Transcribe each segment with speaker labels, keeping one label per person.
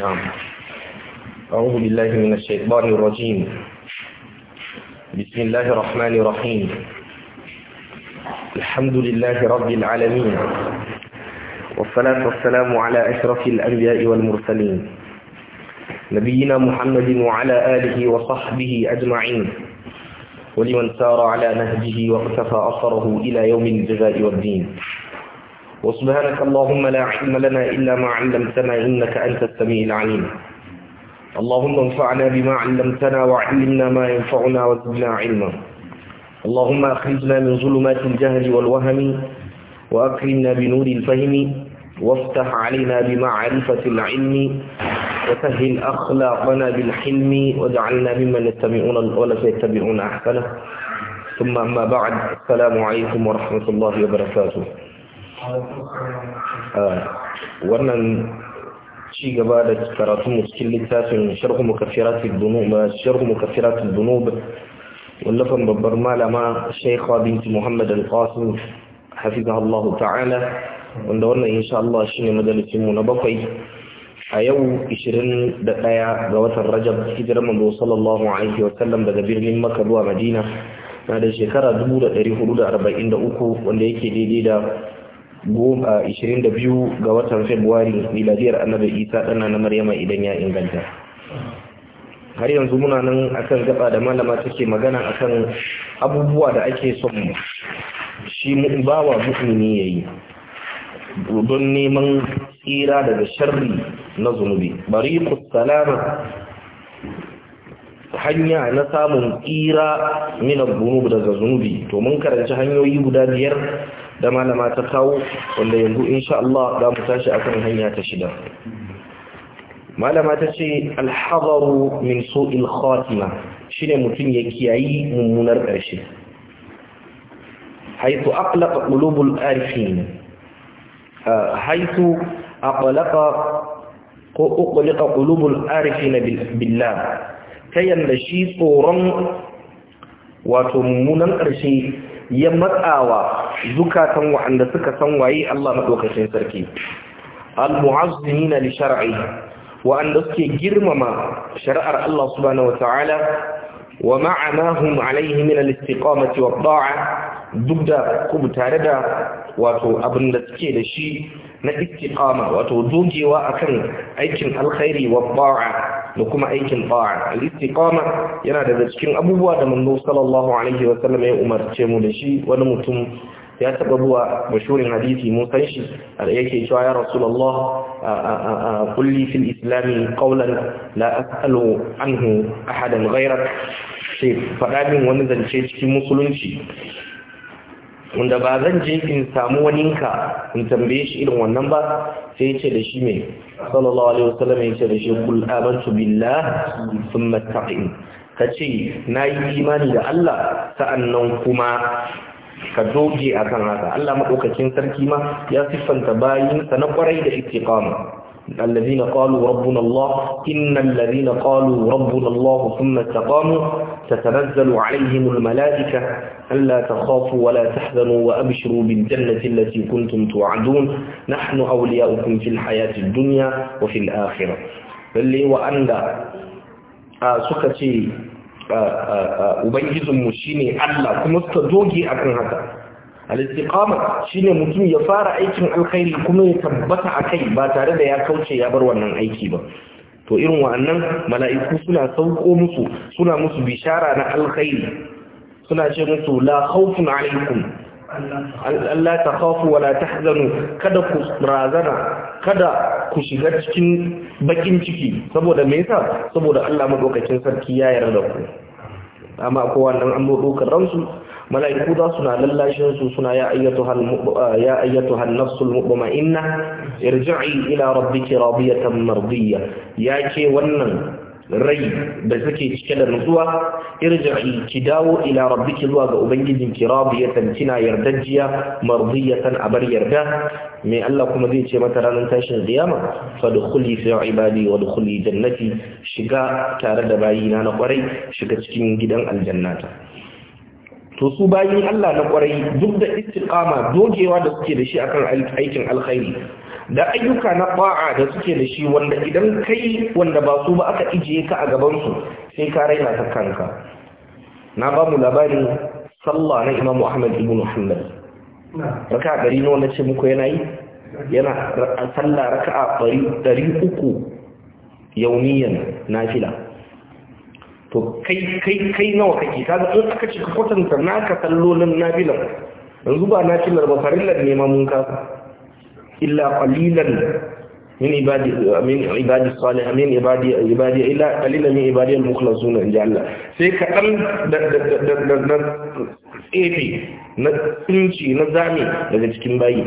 Speaker 1: نعم أعوذ بالله من الشيطان الرجيم بسم الله الرحمن الرحيم الحمد لله رب العالمين والصلاة والسلام على أشرف الأنبياء والمرسلين نبينا محمد وعلى آله وصحبه أجمعين ولمن سار على نهجه واقتفى أثره إلى يوم الجزاء والدين وسبحانك اللهم لا علم لنا إلا ما علمتنا إنك أنت السميع العليم اللهم انفعنا بما علمتنا وعلمنا ما ينفعنا وزدنا علما اللهم أخرجنا من ظلمات الجهل والوهم وأكرمنا بنور الفهم وافتح علينا بمعرفة العلم وسهل أخلاقنا بالحلم واجعلنا ممن يتبعون الأولى سيتبعون أحسنه ثم أما بعد السلام عليكم ورحمة الله وبركاته wannan ci gaba da karatu mu cikin littafin sharhu mukaffiratul dunub sharhu mukaffiratul dunub wallafan babbar malama Shaykha binti Muhammad al-Qasim hafizahullahu ta'ala wanda wannan insha Allah shine majalisin mu na bakwai a yau 21 ga watan Rajab hijirar manzo sallallahu alaihi wa sallam daga birnin Makka zuwa Madina na da shekara 1443 wanda yake daidai da 22 ga watan Februari miladiyar annabi Isa ɗana na Maryama idan ya inganta har yanzu muna nan akan gaba da malama take magana akan abubuwa da ake son shi bawa ya yi. don neman tsira daga sharri na zunubi Bari ku salama hanya na samun tsira minar zunub daga zunubi to mun karanci hanyoyi guda biyar da malama ta kawo wanda yanzu insha Allah za mu tashi akan hanya ta shida malama ta ce alhazaru min su'il khatima shine mutum ya kiyayi mummunar karshe haitu aqlaqa qulubul arifin ah, haitu aqlaqa ko qulubul arifin billah yanda shi tsoron wato mummunan karshe. ya matsawa zukatan wa'anda suka san waye Allah madaukakin sarki al-mu'azzimin li shar'i wa'anda suke girmama shari'ar Allah subhanahu wata'ala wa ma'anahum alayhi min al-istiqamati wa ta'a duk da kuma tare da wato abin da suke da shi na istiqama wato dogewa akan aikin alkhairi wa ta'a da kuma aikin ta'a al-istiqama yana daga cikin abubuwa da manzo sallallahu alaihi wa sallam ya umarce mu da shi wani mutum ya taba zuwa mashurin hadisi mun san shi yake cewa ya rasulullah kulli fil islam qawlan la as'alu anhu ahadan ghayrak sai faɗa min wani zance cikin musulunci wanda ba zan je in samu waninka in tambaye shi irin wannan ba sai ce da shi mai sallallahu alaihi wasallam ya ce da shi kul amantu billah thumma taqim ka ce na yi imani da Allah sa'annan kuma ka doge akan haka Allah madaukakin sarki ma ya siffanta bayinsa na kwarai da istiqama الذين قالوا ربنا الله إن الذين قالوا ربنا الله ثم استقاموا تتنزل عليهم الملائكة ألا تخافوا ولا تحزنوا وأبشروا بالجنة التي كنتم توعدون نحن أولياؤكم في الحياة الدنيا وفي الآخرة lalle wa'anda suka ce ubangijinmu shine Allah kuma suka doge akan haka al-istiqama shine mutum ya fara aikin alkhairi kuma ya tabbata akai ba tare da ya kauce ya bar wannan aiki ba to irin wa'annan mala'iku suna sauko musu suna musu bishara na alkhairi suna ce musu la khawfun alaykum Allah ta khafu wala tahzanu kada ku razana kada ku shiga cikin bakin ciki saboda me yasa saboda Allah madaukakin sarki ya yarda ku amma ko wannan an dokar ransu mala'iku za suna lallashin su suna ya ayyatu hal nafsul mutma'inna irji'i ila rabbiki radiyatan mardiyya yake wannan rai da suke cike da nutsuwa irji'i ki dawo ila rabbiki zuwa ga ubangijin ki radiyatan kina yardajiya mardiyatan abar yarda mai Allah kuma zai ce mata ranar tashin ziyama fadkhuli fi ibadi wa dkhuli jannati shiga tare da bayina na kwarai shiga cikin gidan aljannata to su bayin Allah na kwarai duk da istiqama dogewa da suke da shi akan aikin alkhairi da ayyuka na ba'a da suke da shi wanda idan kai wanda ba su ba aka ijiye ka a gaban su sai ka raina ta kanka na ba mu labarin sallah na Imam Ahmad ibn Hanbal raka 100 ne wanda ce muku yana yi yana sallah raka'a 300 yaumiyan nafila to kai kai kai nawa kake ka ga in aka ce kwatan ta naka sallolin nafilan yanzu ba nafilar ba farillar ne ma mun kasa illa qalilan min ibadi min ibadi salih min ibadi ibadi illa qalilan min ibadi al-mukhlasun in Allah sai kaɗan da da da da tsefe na tsinci na zame daga cikin bayi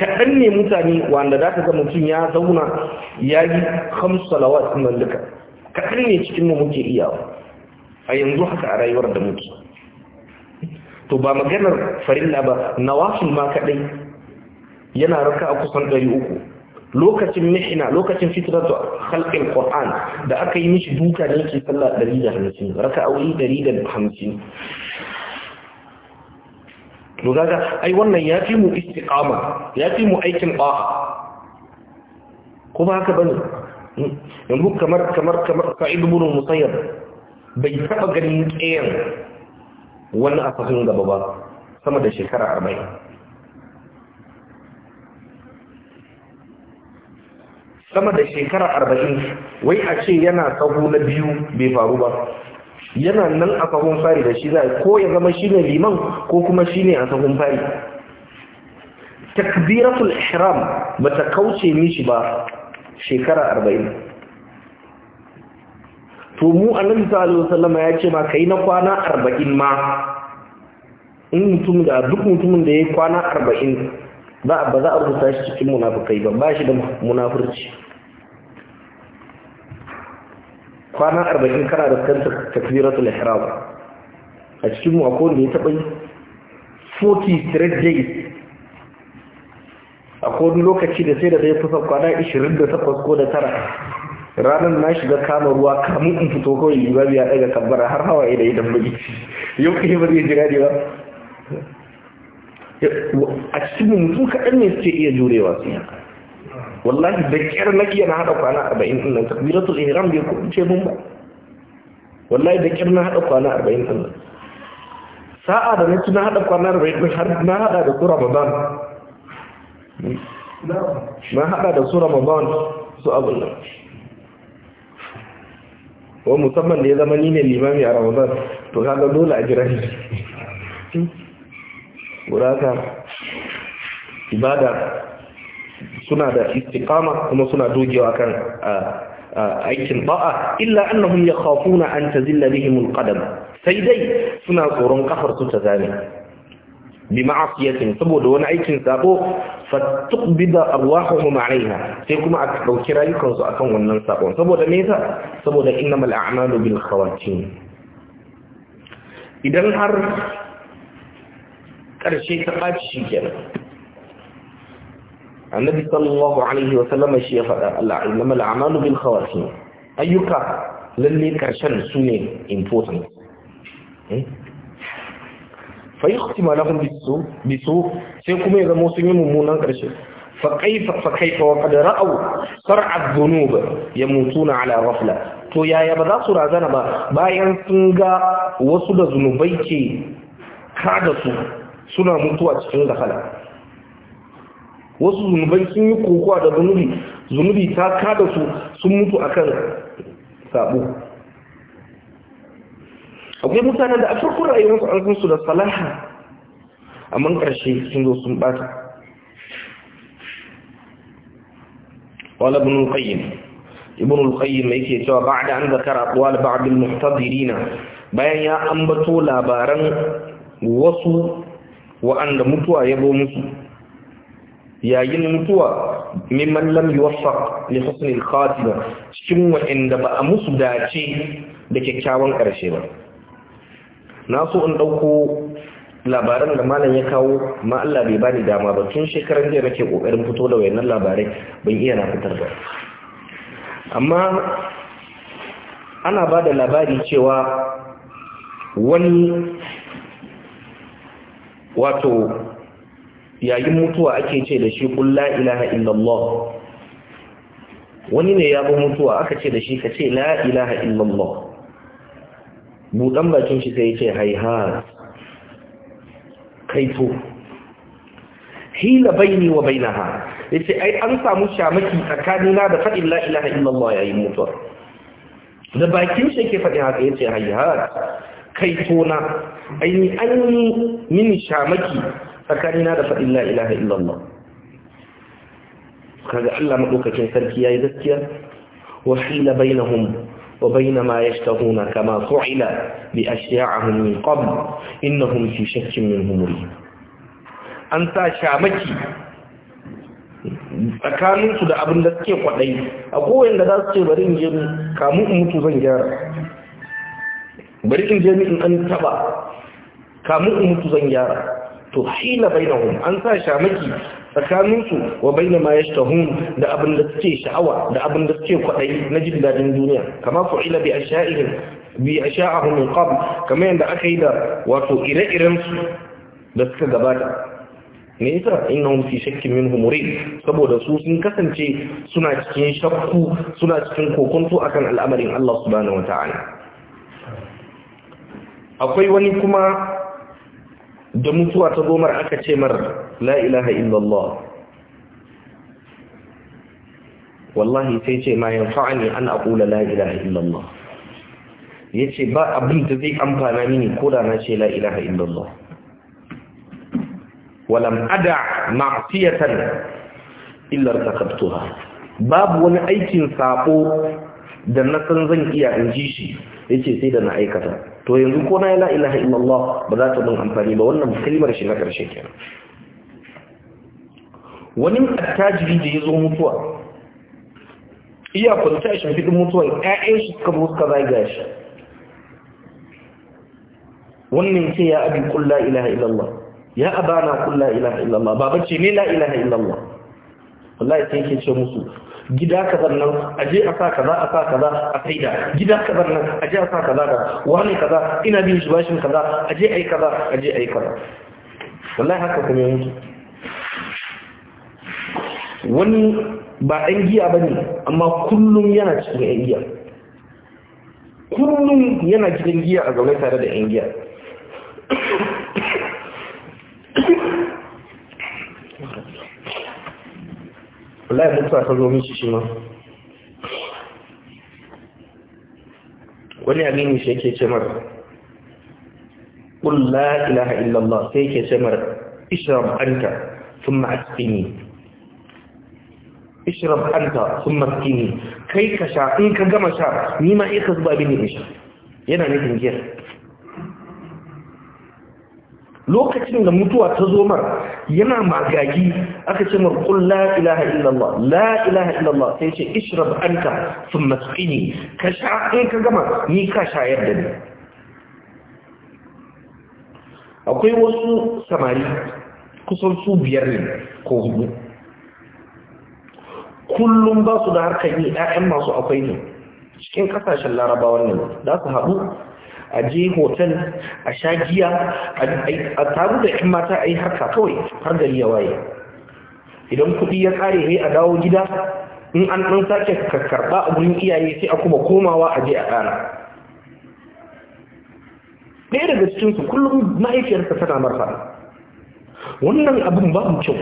Speaker 1: kaɗan ne mutane wanda za ta ga mutum ya zauna ya yi hamsu a nan duka kaɗan ne cikin mu muke iyawa a yanzu haka a rayuwar da muke to ba maganar farilla ba nawafil ma kaɗai yana raka a kusan ɗari uku lokacin mihina lokacin fitratu halƙin ƙwa'an da aka yi mishi duka da ke sallah ɗari da hamsin raka a wuri ɗari hamsin to gaga ai wannan ya fi mu istiƙama ya fi mu aikin kuma ko ba haka yanzu kamar kamar kamar sa'id ibn musayyab bai taba ganin tsayen wani a gaba ba sama da shekara arba'in sama da shekara 40 wai a ce yana sahu na biyu bai faru ba yana nan a sahun fari da shi za ko ya zama shi ne liman ko kuma shi ne a sahun fari takbiratul ihram ba ta kauce mishi ba shekara arba'in to mu annabi sallallahu alaihi wasallam ya ce ma kai na kwana arba'in ma in mutum da duk mutumin da ya kwana arba'in ba ba za a rubuta shi cikin munafukai ba ba shi da munafurci kwana arba'in kana da kanta takbiratul ihram a cikin mu akwai wanda ya taɓa 40 straight days a kodin lokaci da sai da zai fasa kwana 28 ko da tara ranar na shiga kama ruwa kamun in fito kawai limami biya daga kambara, har hawaye da idan yi yau kai ba zai jira ne ba a cikin mutum kaɗan ne suke iya jurewa sun yana wallahi da kyar na iya na haɗa kwana arba'in ɗin nan takbiratul ihram bai kuɗin ce mun ba wallahi da kyar na haɗa kwana arba'in ɗin nan sa'a da na ci na haɗa kwana arba'in ɗin har na haɗa da ku ramadan na haɗa da su ramadan su abin nan wa musamman da ya zama ni limami a ramadan to kaga dole a jira ne ibada suna da istiqama kuma suna dogewa kan aikin ba'a illa annahum yakhafuna an tazilla bihim alqadam sai dai suna tsoron kafar su ta zame bi ma'asiyatin saboda wani aikin sabo fa tuqbida arwahuhum alaiha sai kuma a dauki rayukansu akan wannan sabon saboda me yasa saboda innamal a'malu bil khawatim idan har karshe ta baci shikenan annabi sallallahu alaihi wa sallama shi ya faɗa Allah innamal a'malu bil khawatim ayyuka lalle karshen su ne important hmm? fa yahtima lahum bisu bisu sai kuma ya zama sun yi mummunan karshe fa kaifa fa kaifa wa qad ra'u sar'a dhunub yamutuna ala ghafla to yaya ba za su razana ba bayan sun ga wasu da zunubai ke kada su suna mutuwa cikin gafala wasu zunubai sun yi kokowa da zunubi zunubi ta kada su sun mutu akan sabo akwai mutanen da a farkon rayuwarsu an su da salaha amma ƙarshe sun zo sun bata walabin ابن ibn ابن mai ke cewa da an zakara aqwal ba abin muhtadirina bayan ya ambato labaran wasu wa'anda mutuwa ya zo musu yayin mutuwa mimman lam wasa ne husn khatiba cikin wa'anda ba a musu dace da kyakkyawan karshe ba na so in ɗauko labaran da malam ya kawo ma Allah bai bani dama ba tun shekaran jiya nake kokarin fito da wayannan labarai ban iya na fitar da amma ana ba da labari cewa wani wato yayin mutuwa ake ce da shi la ilaha illallah wani ne ya bi mutuwa aka ce da shi ka ce la ilaha illallah buɗan bakin shi sai ce haihar kaito hila baini wa bainaha yace ai an samu shamaki tsakanina da faɗin la ilaha illallah yayin mutuwa da bakin shi yake faɗin haka yace haihar kaito na ai ni an yi mini shamaki tsakanina da faɗin la ilaha illallah kaga Allah madaukakin sarki yayi gaskiya wa hila bainahum وبين ما يشتهون كما فعل بأشياعهم من قبل إنهم في شك منه مريب أنت شامكي tsakaninsu da abin da suke kwaɗayi a kowayen da za su ce bari in je kamun in mutu zan gyara bari in je in an taba, kamun in mutu zan gyara to na bainahum an sa shamaki tsakaninsu wa bai ma ya da abin da suke sha'awa da abin da suke kwaɗayi na jin daɗin duniya kama ku ila bi asha'ihim bi asha'ahum min qabl kamar yadda aka yi da wato ire-iren su da suka gabata me yasa innahum fi shakkin minhu humuri? saboda su sun kasance suna cikin shakku suna cikin kokonto akan al'amarin Allah subhanahu wataala akwai wani kuma da mutuwa ta zomar aka ce mar la ilaha illallah wallahi sai ce ma yanfa'ani an aƙula, la ilaha illallah yace ba abin da zai amfana mini ko da na ce la ilaha illallah walam ada ma'siyatan illa taqabtuha babu wani aikin sako da na san zan iya in ji shi yace sai da na aikata to yanzu ko na la ilaha illallah ba za ta mun amfani ba wannan kalmar shi na karshe kenan wani attajiri da ya zo mutuwa iya kwanta shi fitin mutuwa ƴaƴan shi suka zo suka zaga shi wannan ce ya abi kun la ilaha illallah ya abana kun la ilaha illallah baba ce ne la ilaha illallah wallahi sai ke ce musu gida kazan nan a je a sa kaza a sa kaza a faida, gida kazan nan a je a sa kaza da wani kaza ina bin shi kaza a je a yi kaza a je a yi kaza wallahi haka kuma mutu wani ba ɗan giya ba ne amma kullum yana cikin ɗan giya kullum yana cikin giya a zaune tare da ɗan giya wallahi mutuwa ta zo shi ma wani amini shi yake ce mara ƙul la ilaha illallah sai yake ce mara ishiram anta sun ma'askini ishiram anta sun ma'askini kai ka sha in ka gama sha ni ma iya ka zuba bin nisha yana nufin giyar lokacin da mutuwa ta zo mar yana magagi aka ce mar qul la ilaha illallah la ilaha illallah sai ce ishrab anta thumma sqini ka sha in ka gama ni ka shayar da ni akwai wasu samari kusan su biyar ne ko hudu kullum ba su da harkar yi 'ya'yan masu akwai ne cikin kasashen larabawan ne za su haɗu a je hotel a sha giya a taru da yan mata a yi haka kawai har gari ya waye idan kuɗi ya ƙare ne a dawo gida in an ɗan sake karɓa a gurin iyaye sai a kuma komawa a je a ƙara ɗaya daga cikinsu kullum mahaifiyarsa tana marfa wannan abin babu kyau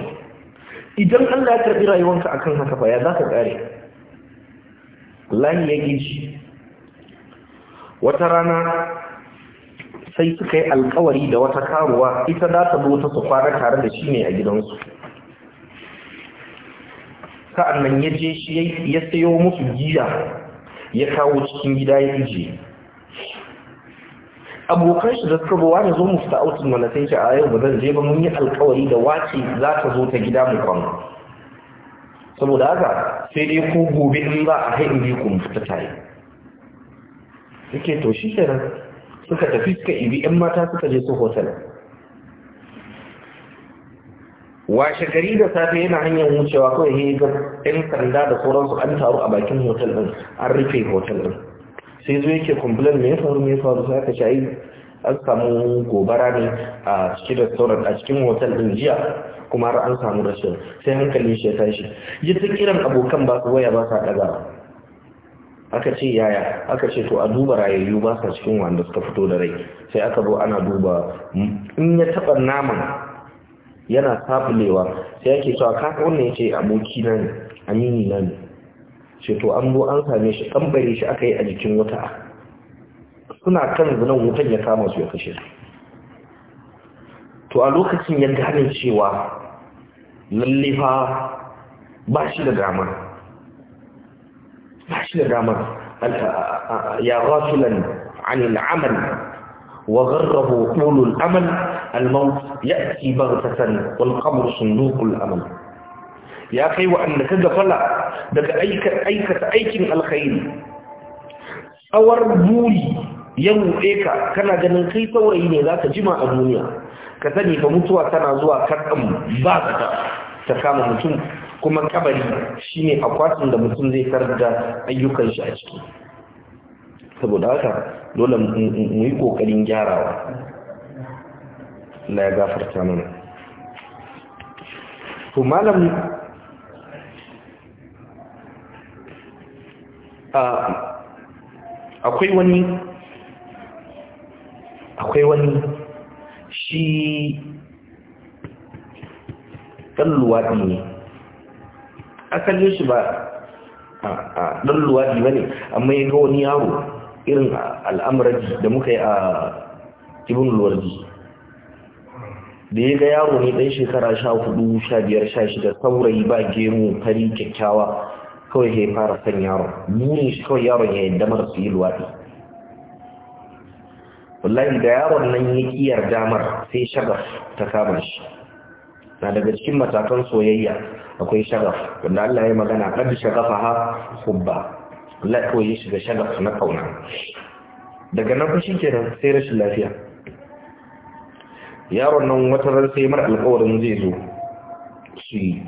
Speaker 1: idan Allah ya karɓi rayuwanka akan haka fa ya za ka ƙare Allah ya gishi wata rana sai suka yi alkawari da wata karuwa ita za ta zo ta su kwana tare da shi ne a gidansu sa'annan ya je shi ya sayo musu giya ya kawo cikin gida ya ije abokan shi da suka zo wani zo musu ta'autun mana sai shi a yau ba zan je ba mun yi alkawari da wace za ta zo ta gida mu kwan saboda haka sai dai ko gobe in za a haɗin biyu ku mu fita tare suke to shi kenan suka tafi suka ibi 'yan mata suka je su hotel washe gari da safe yana hanyar wucewa kawai ya ga 'yan sanda da sauransu an taru a bakin hotel ɗin an rufe hotel ɗin sai zo yake kumbulan mai ya faru mai faru sai aka shayi an samu gobara ne a cikin restaurant a cikin hotel ɗin jiya kuma har an samu rashin sai hankalin shi ya tashi ya ta kiran abokan ba su waya ba sa ɗagawa aka ce yaya aka ce to a duba rayayyu ba sa cikin wanda suka fito da rai sai aka zo ana duba in ya taba naman yana sabulewa sai ake cewa ka wannan ya ce aboki nan amini na ce to an zo an same shi bare shi aka yi a jikin wata suna kan zunan wutan ya kama su ya kashe to a lokacin ya gane cewa lallifa ba shi da dama shi da damar ya rasulan an al'amal wa gharrahu qulul amal al-maut ya'ti baghtatan wal qabr amal ya kai wa annaka fala daga aikata aikin alkhairi tsawar buri ya ruɗe ka kana ganin kai saurayi ne za ka jima a duniya ka sani ka mutuwa tana zuwa karɗan ba ka ta kama mutum kuma kabari shine akwatin da mutum zai tarar da ayyukan shi a ciki saboda haka dole mu yi kokarin gyarawa na ya gafarta mana to malam akwai wani akwai wani shi ɗan luwaɗi ne asalin shi ba a ɗan luwaɗi ba ne amma ya ga wani yaro irin al'amuraji da muka yi a ibn luwarji da ya ga yaro ne ɗan shekara sha hudu sha biyar sha shida saurayi ba gemu fari kyakkyawa kawai ya fara san yaron muni shi kawai yaron ya yadda mara su yi luwaɗi wallahi da yaron nan ya kiyar damar sai shagar ta kama shi na daga cikin matakan soyayya akwai shagaf, wanda Allah ya magana kad shagafaha hubba Allah ko yi shi da sharaf na kauna daga nan fa kenan sai rashin lafiya yaron nan wata ran sai mar alƙawarin zai zo shi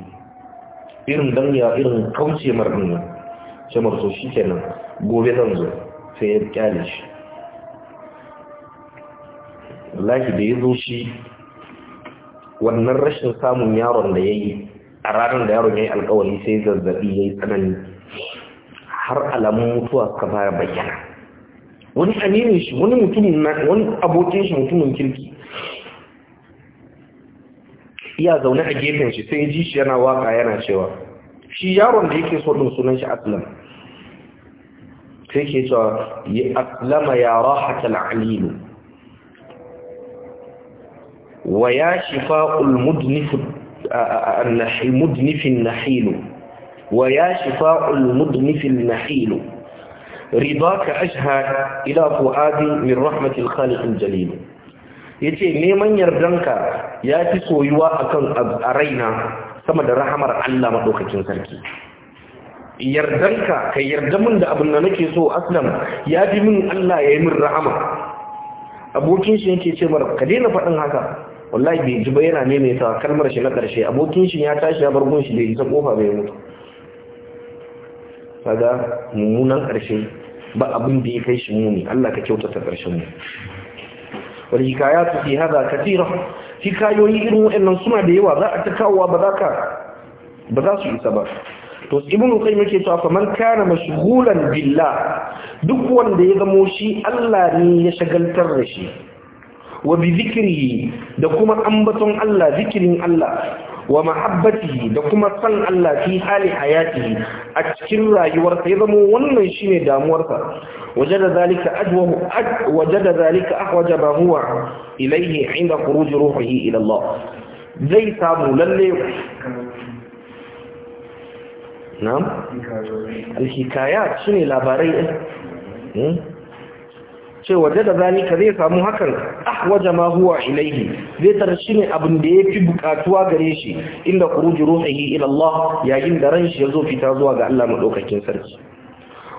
Speaker 1: irin dan ya irin kauce mar din nan sai mar so kenan gobe zan zo sai ya kyale shi Allah da ya zo shi wannan rashin samun yaron da ya yi a ranar da yaron ya yi alkawari sai zazzabi ya yi tsanani har alamun mutuwa suka fara bayyana wani aminin shi wani mutumin wani abokin shi mutumin kirki iya zaune a gefen shi sai ji shi yana waka yana cewa shi yaron da yake so din sunan shi aslam sai ke cewa ya aslama ya rahatal alilu wa ya shifa'ul mudnifud مدنف النحيل ويا شفاء المدنف النحيل رضاك أشهد إلى فؤادي من رحمة الخالق الجليل yace neman yardanka ya fi soyuwa akan a raina sama da rahamar Allah madaukakin sarki yardanka ka yarda min da abin da nake so aslam ya fi min Allah ya yi min rahama abokin shi yake ce mara ka daina faɗin haka wallahi bai ji ba yana ta kalmar shi na ƙarshe abokin shi ya tashi ya bar gun shi da isa kofa bai mutu kaga mummunan ƙarshe ba abin da ya kai shi muni Allah ka kyautata ƙarshen mu wal hikayatu fi hadha kathira hikayoyi irin wannan suna da yawa za a ta kawowa ba za su isa ba to ibnu qayyim yake cewa fa man kana mashghulan billah duk wanda ya zamo shi Allah ne ya shagaltar da shi wa bi da kuma ambaton Allah zikirin Allah wa mahabbatihi da kuma san Allah fi hali hayatihi a cikin rayuwarsa ya zama wannan shine damuwarsa wajada zalika ajwahu wajada zalika ahwaja ma huwa ilayhi inda khuruj ruhihi ila Allah zai samu lalle na'am alhikayat shine labarai hmm? ce waje da ka zai samu hakan ahwaja ma huwa ilaihi zai tar ne abin da yafi bukatuwa gare shi inda khuruju ruhihi ila Allah yayin da ran shi ya zo fita zuwa ga Allah madaukakin sarki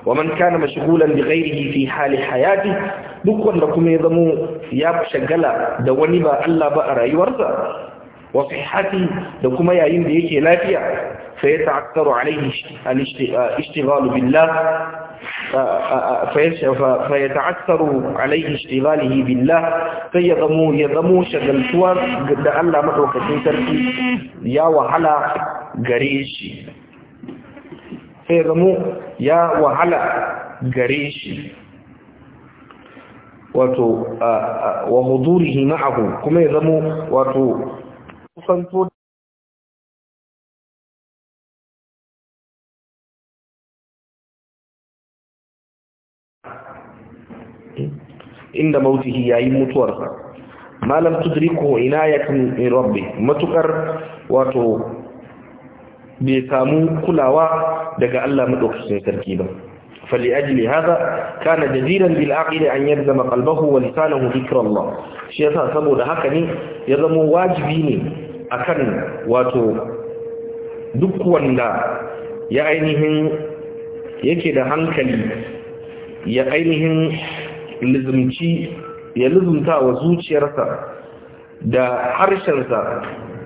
Speaker 1: wa man kana mashghulan bi fi hali hayati duk wanda kuma ya zamo ya shagala da wani ba Allah ba a rayuwarsa wa sihhati da kuma yayin da yake lafiya فيتعثر عليه الاشتغال بالله فيتعثر عليه اشتغاله بالله فيضمو يضمو شغل سوار قد الله مدعو كتنتركي يا وحلا قريشي فيضمو يا وحلا قريشي وتو آه، آه، وحضوره معه كما يضمو وتو فانتود inda mautihi yayin mutuwarsa malam tudriku inayatun min rabbi matukar wato bai samu kulawa daga Allah madaukakin sarki ba Fali ajili haza kana jadiran bil da an yarzama qalbahu wa lisanahu dhikra Allah shi yasa saboda haka ne ya zamo wajibi ne akan wato duk wanda ya ainihin yake da hankali ya ainihin lizumci ya lizumta wa zuciyarsa da harshensa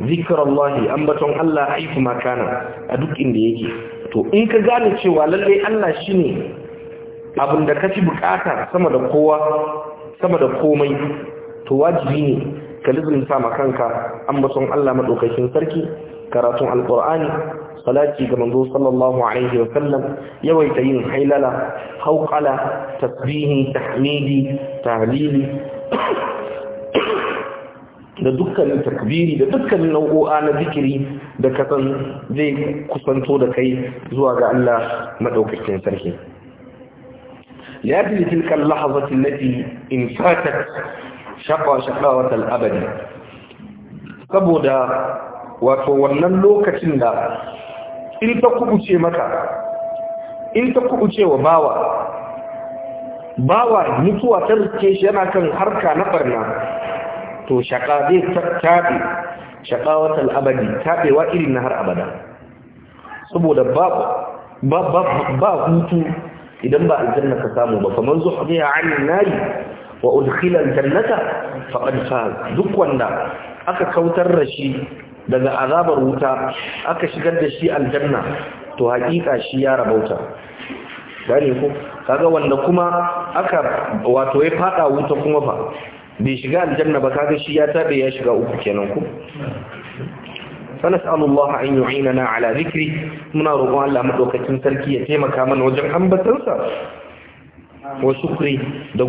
Speaker 1: zikirallahi baton Allah haifu makana a duk inda yake to in ka gane cewa lallai Allah shine abin da ka ci bukata sama da kowa sama da komai to wajibi ne ka lizumta makanka kanka baton Allah madaukakin sarki karatun alqur'ani salati ga manzo sallallahu alaihi wa sallam yawaita yin hailala hauƙala, tasbihi tahmidi talili da dukkanin takbiri da dukkanin nau'o'a na zikiri da kasan zai kusanto da kai zuwa ga Allah madaukakin sarki لأجل تلك اللحظة in إن فاتت شقى شقاوة abadi saboda wato wannan lokacin da in ta kubuce maka in ta kubuce wa bawa bawa mutuwa ta rike shi yana kan harka na barna to shaka zai taɓe shakawatar abadi taɓewa irin na har abada saboda ba hutu idan ba aljanna ka samu ba kamar zuwa ya anin nari wa udkhila jannata faqad duk wanda aka kautar rashi daga azabar wuta aka shigar da shi aljanna to haƙiƙa shi ya rabauta gane ko kaga wanda kuma aka wato ya fada wuta kuma fa bai shiga aljanna ba kaga shi ya tabe ya shiga uku kenan ku فنسأل الله أن يعيننا على ذكره من رضوان الله مدوكتين تركية تيما كامن وجن أنبتنسا وشكري ba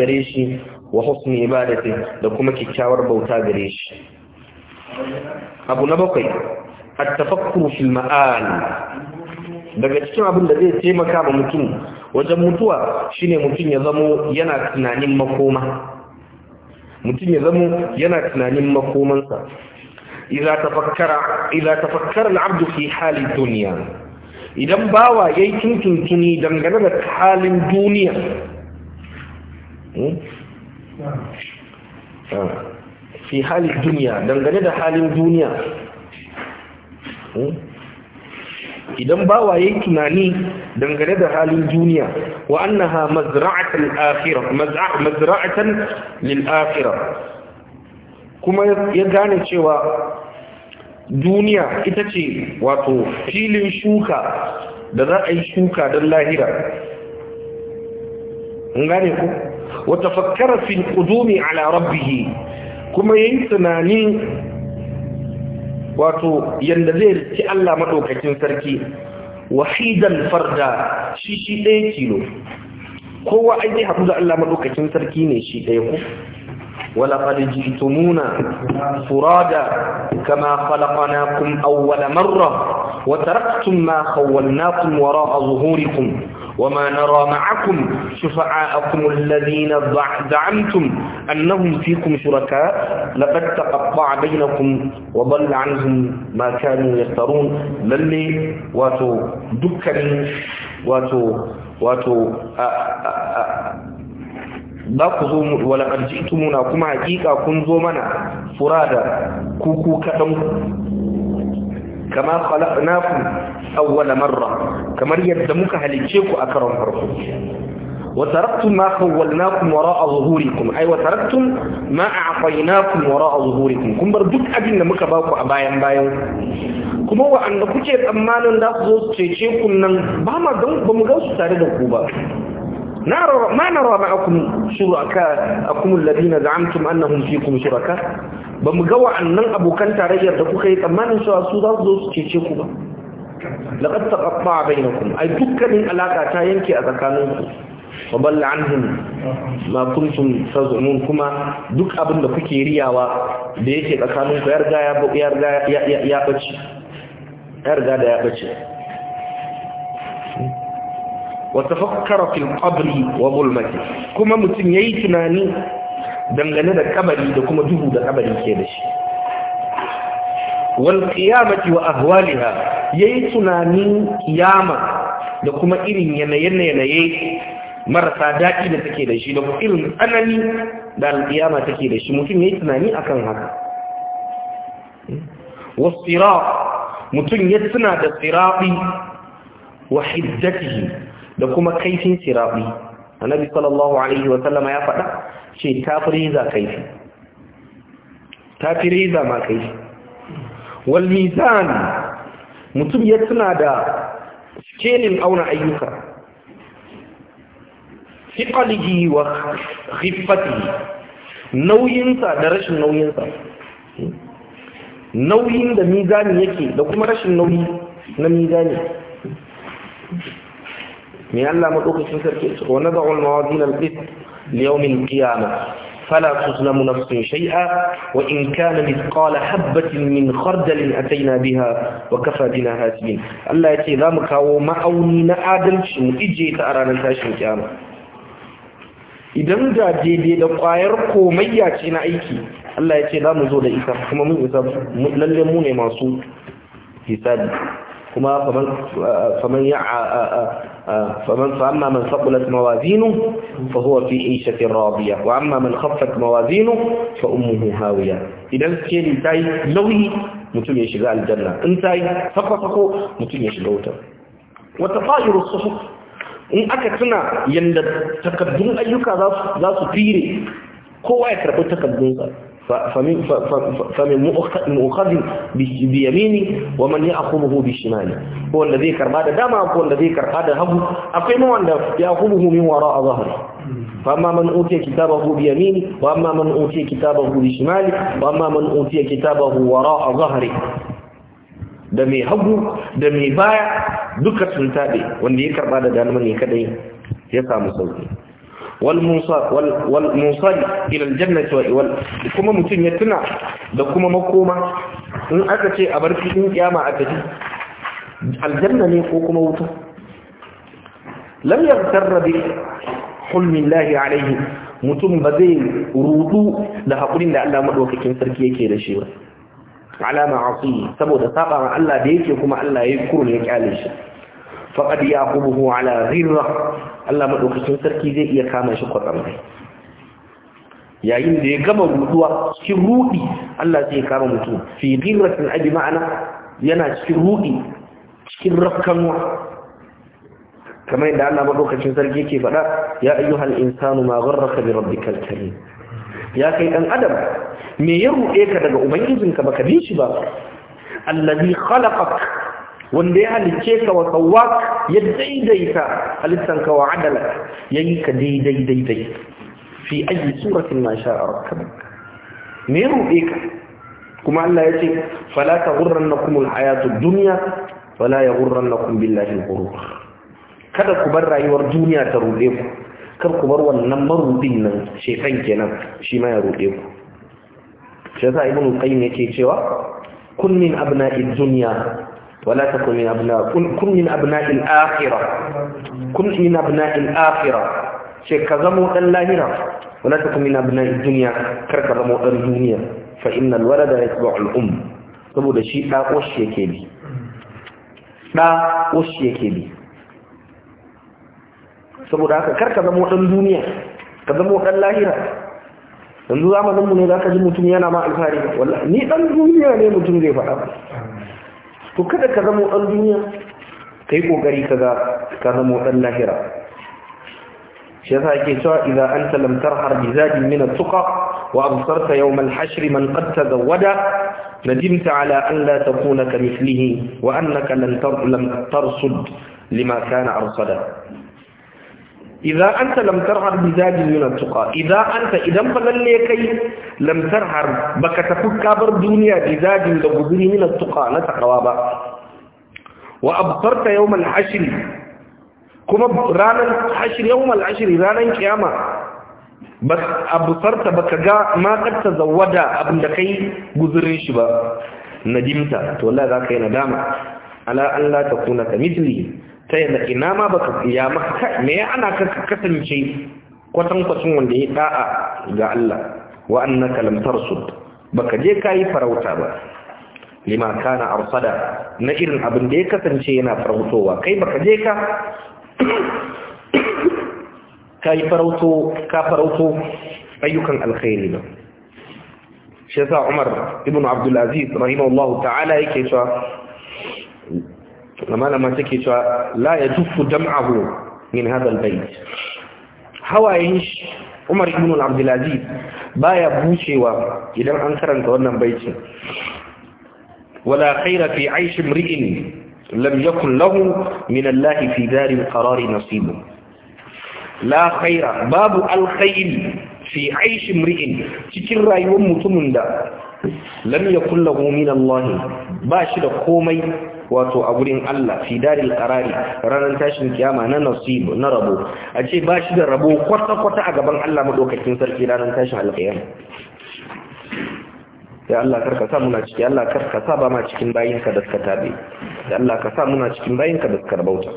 Speaker 1: غريشي وحسن إبادته دقومك كاور بوتا غريشي abu na bakwai a tafakkuru fil ma'ani daga cikin abin da zai taimaka ba mutum wajen mutuwa shine mutum ya zamo yana tunanin makoma mutum ya zamo yana tunanin makomansa Iza tafakkara al'abdu abdu fi hali duniya. idan bawa ya yi tuntuntuni dangane da halin duniya hmm? ah. fi halin duniya dangane da halin duniya hmm? idan bawa yayi tunani dangane da halin duniya wa annaha mazra'atan akhirah mazra'atan lil akhirah kuma ya gane cewa duniya ita ce wato filin shuka da za a yi shuka don lahira in gane ku tafakkara fakkara fil qudumi ala rabbih kuma yayi tunani wato yanda zai riki Allah madaukakin sarki wahidan farda shi shi ɗaya kilo kowa an yi haɗu da Allah madaukakin sarki ne shi ɗaya ku wala ƙarji tumuna furada kama falakana kun awwala marra wa taraktun ma kawwalna kun wara a zuhurikun وما نرى معكم شفعاءكم الذين زعمتم أنهم فيكم شركاء لقد تقطع بينكم وضل عنهم ما كانوا يفترون للي واتو دكني واتو واتو za ku zo walaƙar jitumuna kuma hakika kun zo mana fura da kuku kaɗan kama khalaqnakum awwala marra kamar yadda muka halice ku a karon farko وتركتم ما خولناكم وراء ظهوركم أي وتركتم ما أعطيناكم وراء ظهوركم Kun bar duk abin da muka baku a bayan bayan kuma wa'anda kuke tsammanin da su zo cece ku nan ba ma don ba mu gan su tare da ku ba نرى ما نرى معكم شركاءكم الذين زعمتم انهم فيكم شركاء بمغوا annan abokan tarayyar da kuka yi tsammanin cewa su za su zo su cece ku ba laqad taqatta bainakum ay dukkanin alaka ta yanke a tsakaninku wa balla anhum ma kuntum tazumun kuma duk abin da kuke riyawa da yake tsakaninku ya ya ya ya ya bace da ya bace wa tafakkara fil qabri wa zulmati kuma mutum yayi tunani dangane da kabari da kuma duhu da kabari ke da shi wal qiyamati wa ahwaliha yayi tunanin kiyama da kuma irin yanaye-yanaye marasa daɗi da take da shi da irin tsanani da alƙiyama take da shi mutum ya yi tunani akan haka wasira mutum ya tuna da tsiraɓi wa hiddatihi da kuma kaifin sirabi annabi sallallahu alaihi wa sallama ya faɗa ce tafriza kaifi tafriza ma kaifi wal mizan mutum ya tuna da scaling auna ayyuka siqalihi wa khiffatihi nauyinsa da rashin nauyinsa nauyin da mizani yake da kuma rashin nauyi na mizani me Allah madaukakin sarki ce wa nad'u al-mawazin al-qist li yawm al-qiyamah fala tuzlamu wa in kana mithqala habatin min khardalin ataina biha wa kafa bina hasibin Allah yace zamu kawo ma'auni na adalci mu ije ta a ranar tashin kiyama idan da daidai da kwayar ya ce na aiki Allah yace zamu zo da ita kuma mun isa lallai mu ne masu hisabi كما فمن فمن يع فمن فأما من ثقلت موازينه فهو في عيشة راضية وأما من خفت موازينه فأمه هاوية إذا كان تاي لوي متن يشغى الجنة إن تاي متن يشغل يشغى وتر وتطاير الصحف إن أكتنا يندد تقدم أيك ذا za su fire kowa ya فمن فمن مؤخذ بيمينه ومن يأخذه بشماله هو الذي كربا ده دما هو الذي كربا ده هبو أقيم وأن يأخذه من وراء ظهره فأما من أوتي كتابه بيمينه وأما من أوتي كتابه بشماله وأما من أوتي كتابه وراء ظهره da mai hagu da mai baya duka sun taɓe wanda ya karɓa da daliman ne kadai ya samu sauki walmusal ilal jannati Iwal, kuma mutum ya tuna da kuma makoma in aka ce a bar cikin kiyama a tafi aljanna ne ko kuma wuta lam yaghtarra bi hulmillahi alaihi mutum ba zai rudu da haƙurin da Allah madaukakin sarki yake da shi ba alama asi saboda saba Allah da yake kuma Allah ya kurne ya kyale shi faƙad ya kubuhu ala zirra Allah maɗaukacin sarki zai iya kama shi kwatsam yayin da ya gama ruduwa cikin ruɗi, Allah zai kama mutum fi ghirratin abi ma'ana yana cikin ruɗi, cikin rafkanwa kamar yadda Allah madaukakin sarki yake faɗa ya ayyuhal insanu ma gharraka bi rabbikal karim ya kai dan adam me ya ruɗe ka daga ubangijinka baka bi shi ba allazi khalaqak wanda ya halicce ka wa kawwak ya daidaita halittan ka wa adala yayi ka daidai daidai fi ayi suratin ma sha'a rabbuk me ruɗe ka kuma Allah ya ce fala taghurrannakum alhayatud dunya wala yaghurrannakum billahi alghurur kada ku bar rayuwar duniya ta ruɗe ku kar ku bar wannan marudin nan shekan kenan shi ma ya ruɗe ku shi yasa ibnu qayyim yake cewa kunnin min Duniya. ولا تكن من أبناء كن من أبناء الآخرة كن من أبناء الآخرة شيء كزمو اللاهرة ولا تكن من أبناء الدنيا كركزمو الدنيا فإن الولد يتبع الأم سبو ده شيء لا وش يكيبي لا وش يكيبي سبو ده كركزمو الدنيا كزمو اللاهرة yanzu zamaninmu ne za ka ji mutum yana ma alfahari ni dan duniya ne mutum zai faɗa to kada ka zama ɗan duniya ka yi ƙoƙari ka ga zama ɗan lahira shi yasa ake cewa idan an talamtar har bizadi min tuqa wa absarta yawm al-hashr man qad tazawwada nadimta ala an la takuna ka mithlihi wa annaka lan tarsud lima kana arsada idza anta lam tarhar bi zadi min tuqa idan ba ya kai lam tarhar baka tafi kabar duniya bi da guduri min tuqa na takawa ba wa abtarta yawm al-hashr kuma ranan hashr yawm al-hashr ranan kiyama bas abtarta baka ga ma kad tazawwada abinda kai guzurin shi ba nadimta to nadama ala la takuna ta yana ina ma baka ya maka me ana kasance kwatankwacin wanda ya da'a ga Allah wa annaka lam tarsud baka je kai farauta ba lima kana arsada na irin abin da ya kasance yana farautowa kai baka je ka kai farauto ka farauto ayyukan alkhairi ba shi yasa Umar ibn Abdul Aziz rahimahullahu ta'ala yake cewa malama take cewa la ya tufu dam'ahu min hadal bait hawayen shi Umar ibn al-Abdulaziz baya bushewa idan an karanta wannan baitin wala khaira fi aish imri'in lam yakun lahu min Allah fi dari al-qarar la khaira babu al fi aish imri'in cikin rayuwar mutumin da lam yakun lahu min Allah ba shi da komai wato a gurin Allah fi daril qarari ranar tashin kiyama na Nasibu na rabo a ce ba shi da rabo kwata kwata a gaban Allah madaukakin sarki ranar tashin alqiyama ya Allah karka sa muna ciki Allah karka sa ba ma cikin bayinka da suka tabe ya Allah ka sa muna cikin bayinka da suka rabauta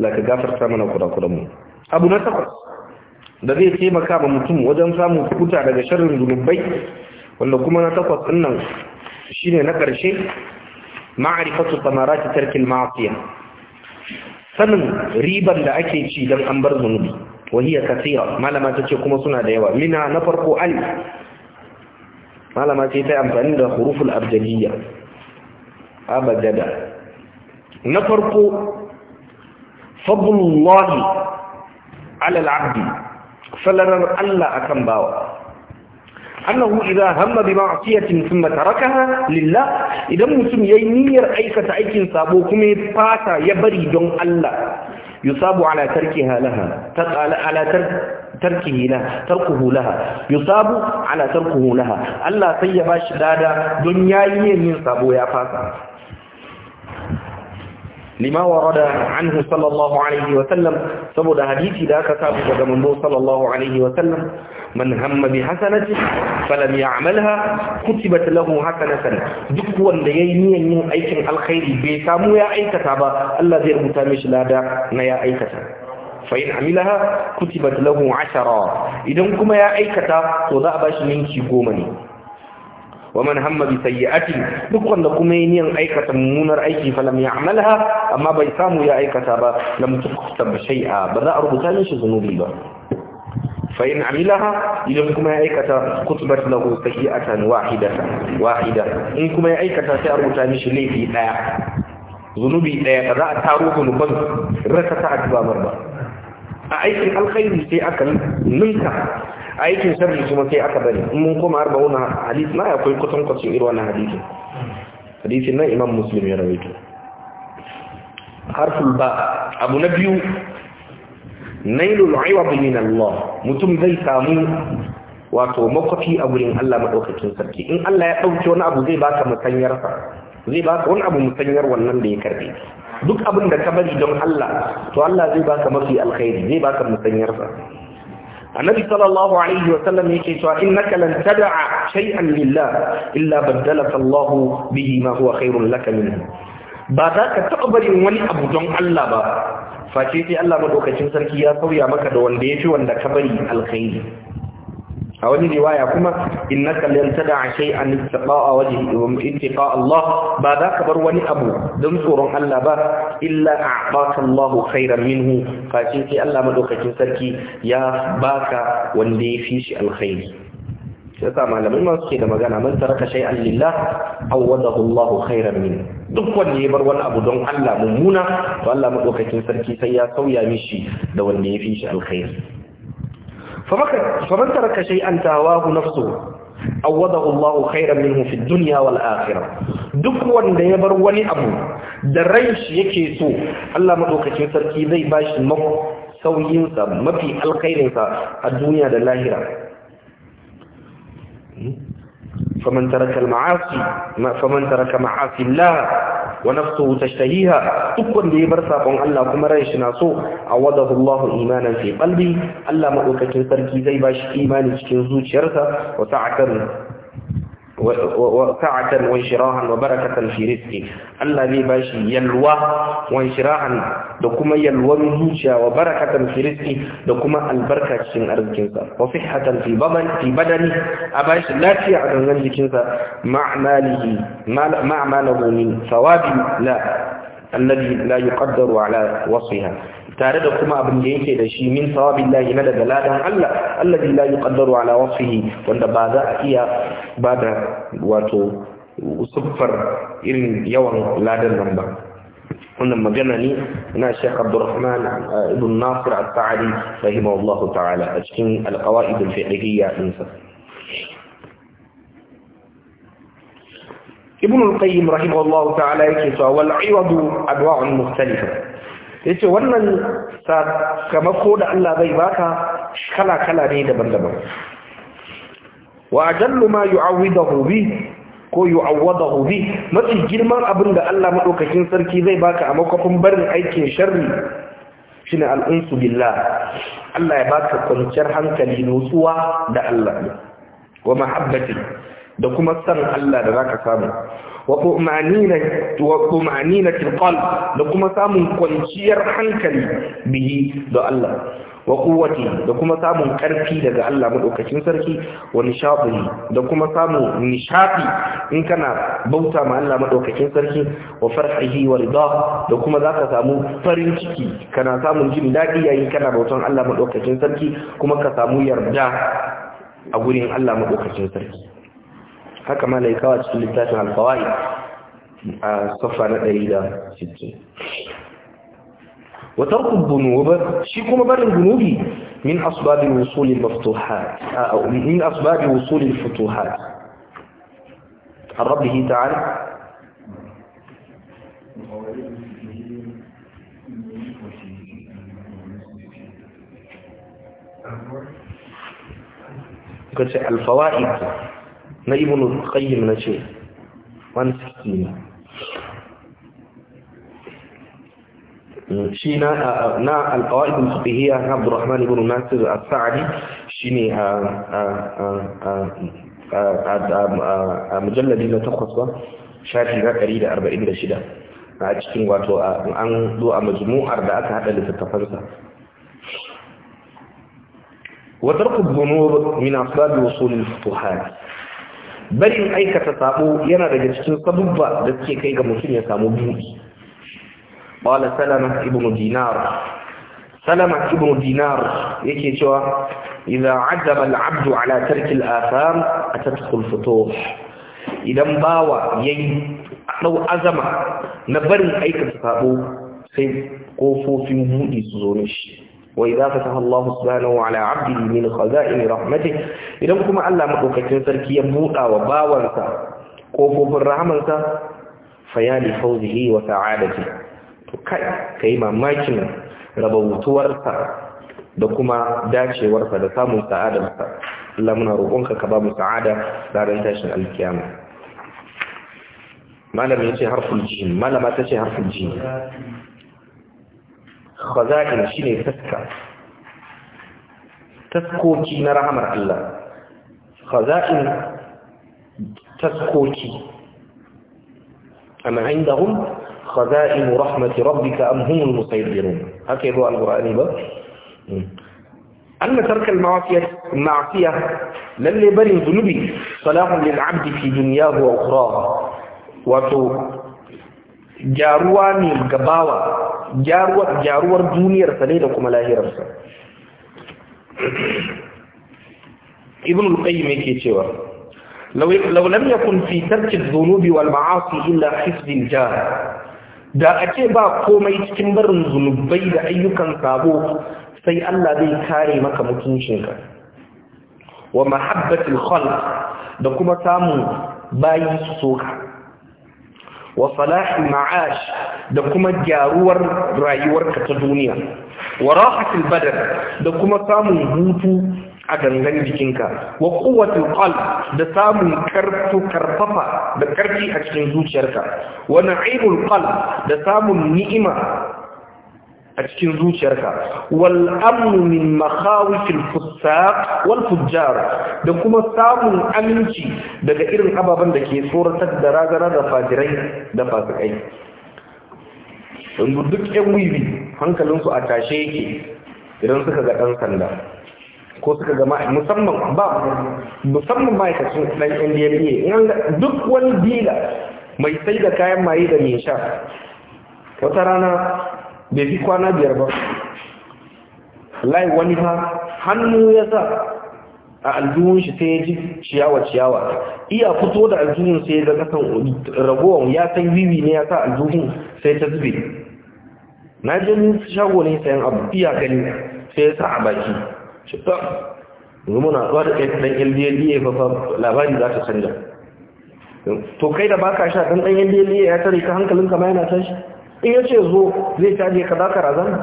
Speaker 1: Allah ka gafarta mana kura mu abu na takwas da zai taimaka ma mutum wajen samun kuta daga sharrin zunubai wanda kuma na takwas ɗin nan shine na ƙarshe ma'arifatu samarati tarkil ma'asiya sanin ribar da ake ci don an bar zunubi wahiyar kasira malama ta ce kuma suna da yawa mina na farko alif malama ce ta yi amfani da huruful abjadiyya abadada na farko fadlullahi alal abdi falarar Allah akan bawa annahu idza hamma bi ma'siyatin thumma tarakaha lillah idan mutum ya yi niyyar aikata aikin sabo kuma fata ya bari don Allah yusabu ala tarki halaha, ta tsala ala tarkihi laha tarkuhu laha yusabu ala tarkuhu hulaha, Allah sai ya bashi dada don ya yayi yin sabo ya fata. لما ورد عنه صلى الله عليه وسلم سبب حديث ذاك ثابت من صلى الله عليه وسلم man hamma bi hasanati falam ya'malha kutibat lahu hasanatan duk wanda yayi niyan yin aikin alkhairi bai samu ya aikata ba Allah zai rubuta mishi lada na ya aikata fa'in amilaha kutibat lahu ashara idan kuma ya aikata to za a bashi ninki goma ne wa man hamma bi sayyi'atin duk wanda kuma yayin niyan aikata mummunar aiki fa lam ya'malha amma bai samu ya aikata ba lam tuktab shay'a ba za a rubuta mishi zunubi ba fa'in amilaha idan kuma ya aikata kutubat lahu sayi'atan wahidata wahida in kuma ya aikata sai a rubuta mishi laifi daya zunubi daya da za a taro zunuban raka ta addu'a marba a aikin alkhairi sai aka ninka aikin sharri kuma sai aka bari mun koma arba wannan hadisi na akwai kusan kwacin irin hadisi hadisi na imam muslim ya rawaito harful ba abu na biyu nailul iwab min Allah mutum zai samu wato makwafi a gurin Allah madaukakin sarki in Allah ya dauke wani abu zai baka musanyar sa zai baka wani abu musanyar wannan da ya karbe duk abin da ka bari don Allah to Allah zai baka mafi alkhairi zai baka musanyar sa annabi sallallahu alaihi wa sallam yake cewa innaka lan tad'a shay'an lillah illa baddalaka Allah bihi ma huwa khairun laka minhu ba za ka taɓa barin wani abu don Allah ba face sai Allah madaukakin sarki ya sauya maka da wanda yafi wanda ka bari alkhairi a wani riwaya kuma innaka lan tad'a shay'an ittaqa'a wajhi wa ittaqa Allah ba za ka bar wani abu don tsoron Allah ba illa a'taka Allah khairan minhu face sai Allah madaukakin sarki ya baka wanda yafi shi alkhairi sai sa malamai ma suke da magana man taraka shay'an lillah wadahu Allah khairan min duk wanda ya bar wani abu don Allah mummuna to Allah madaukakin sarki sai ya sauya mishi da wanda ya fi shi alkhairi faman taraka shay'an tawahu nafsuhu awadahu Allah khairan minhu fi dunya wal akhirah duk wanda ya bar wani abu da rai shi yake so Allah madaukakin sarki zai bashi sauyin sa mafi alkhairin sa a duniya da lahira فمن ترك المعاصي فمن ترك معاصي الله ونفسه تشتهيها تكون دي برسا قن الله كما رأيش ناسو عوضه الله إيمانا في قلبي الله مؤكد تركي زي باش إيماني تكين زوج يرسا وسعة وسعة وانشراحا وبركة في رزقه الله ذي باشي يلوى وانشراحا دكما يلوى منهوشا وبركة في رزقه دكما البركة شن أرزقنسا وصحة في بدن في بدنه أباشي لا في عدن ذنبكنسا مع ماله مع ماله من ثواب لا alladhi la yuqaddaru ala wasfiha tare da kuma abin da yake da shi min sawabillahi na daga ladan Allah alladhi la yuqaddaru ala wasfihi wanda ba za a iya ba da wato siffar irin yawan ladan nan ba wannan magana ne na Sheikh Abdurrahman ibn Nasir al-Sa'di rahimahullahu ta'ala a cikin al-qawaid al-fiqhiyya ibn al-qayyim rahimahullahu ta'ala yake cewa wal iwadu adwa'un mukhtalifa yace wannan sakamako da Allah zai baka kala kala ne daban-daban wa ajallu ma yu'awwidahu bi ko yu'awwadahu bi mafi girman abin da Allah madaukakin sarki zai baka a makafin barin aikin sharri shine al'unsu billah Allah ya baka kwanciyar hankali nutsuwa da Allah wa mahabbati da kuma san Allah da zaka samu wa tumanina qalb da kuma samun kwanciyar hankali bihi da Allah wa kuwati da kuma samun karfi daga Allah madaukakin sarki wa nishadi da kuma samun nishadi in kana bauta ma Allah madaukakin sarki wa farhihi wa rida da kuma zaka samu farin ciki kana samun jin dadi yayin kana bautan Allah madaukakin sarki kuma ka samu yarda a gurin Allah madaukakin sarki haka mala ikawa cikin littafin alfawai a safa na ɗari da sittin wa tarku dhunuba shi kuma barin zunubi min asibabin wusul al a min asbabi wusul futuhat an rabbihi ta'ala kace alfawaid na ibn qayyim na ce wani siki ne shi na alƙawar ibn fiqhiyya na abdurrahman ibn nasir as-sa'di shine a a mujalladi na takwas ba shafi na 146 a cikin wato an zo a majmu'ar da aka hada littattafansa وترك الذنوب من أسباب وصول الفتوحات barin aikata sabo yana daga cikin sabubba da suke kai ga mutum ya samu biyu wala salama ibnu dinar salama ibnu dinar yake cewa idza azaba al abd ala tarki al afam atadkhul futuh idan bawa yayi dau azama na barin aikata sabo sai kofofin buɗe su zo mishi وإذا فتح الله سبحانه على عبده من خزائن رحمته إذا كما الله مدوكتين سركي يبوطا وباورسا قوفو بالرحمنسا فيالي فوزه وسعادته تكاي كيما ماكنا ربوتورسا da kuma dacewarsa da samun sa'adarsa Allah muna roƙonka ka ba mu sa'ada ranar tashin alkiyama malama yace harful jin malama tace harful jin خزائن شنو تسكا تسكوتي كي الله خزائن تسكوتي كي اما عندهم خزائن رحمة ربك ام هم المسيطرون هكذا يقول القرآن بقى أن ترك المعصية معصية لم يبني ذنوبي صلاح للعبد في دنياه وأخراه وتو جاروان الجباوة gyaruwar duniyarsa ne da kuma lahirarsa ibn al-qayyim yake cewa law lam yakun fi tarki dhunubi wal ma'asi illa hifz al da ake ba komai cikin barin zunubai da ayyukan sabo sai Allah zai kare maka mutuncinka wa mahabbatul khalq da kuma samun bayi soka wa salahin ma'ash da kuma gyaruwar rayuwarka ta duniya wa rahatul badar da kuma samun hutu a gangan jikinka wa kuwatul qalb da samun karfu karfafa da karfi a cikin zuciyarka wa na'imul qalb da samun ni'ima a cikin zuciyarka wal amnu min makhawifil fusaq wal fujjar da kuma samun aminci daga irin ababen da ke tsoratar da ragara da fajirai da fasikai yanzu duk yan wiwi hankalinsu a tashe yake idan suka ga ɗan sanda ko suka ga musamman ba musamman ma'aikacin ɗan ndma e. duk wani dila mai sai da kayan maye da mai sha wata rana bai fi kwana biyar ba lai wani ha hannu ya sa a aljuhun shi sai ya ji ciyawa ciyawa iya fito da aljuhun sai ya ga kasan ragowar ya san wiwi ne ya sa aljuhun sai ta zube na je shago ne sayan abu iya gani sai ya sa a baki shi ta na zuwa da ɗan LDLDA fafa labari za ta canja to kai da baka sha ɗan ɗan LDLDA ya tare ka hankalin kama yana tashi in ya ce zo zai caje ka za ka razana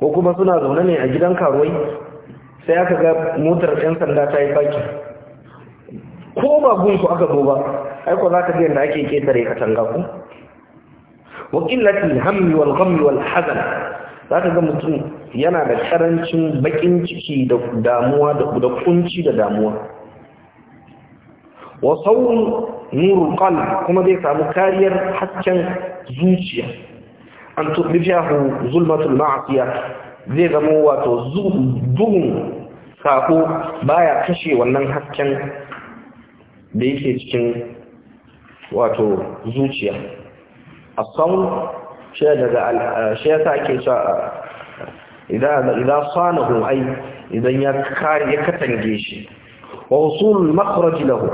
Speaker 1: ko kuma suna zaune ne a gidan karuwai sai aka ga motar 'yan sanda ta yi faki ko ba gunsu aka zo ba aiko za ka biyan da ake ketare a tanga ku wakilatin hammi wal ghammi wal hazan za ka ga mutum yana da karancin baƙin ciki da damuwa da kunci da damuwa wa sauran nurul qalb kuma zai samu kariyar hasken zuciya an tudbijahu zulmatul ma'asiya zai zama wato zuhun sako baya kashe wannan hasken da yake cikin wato zuciya A sawl shi daga shi yasa ake idan idan sanahu ai idan ya kare ya katange shi wa husul makhraj lahu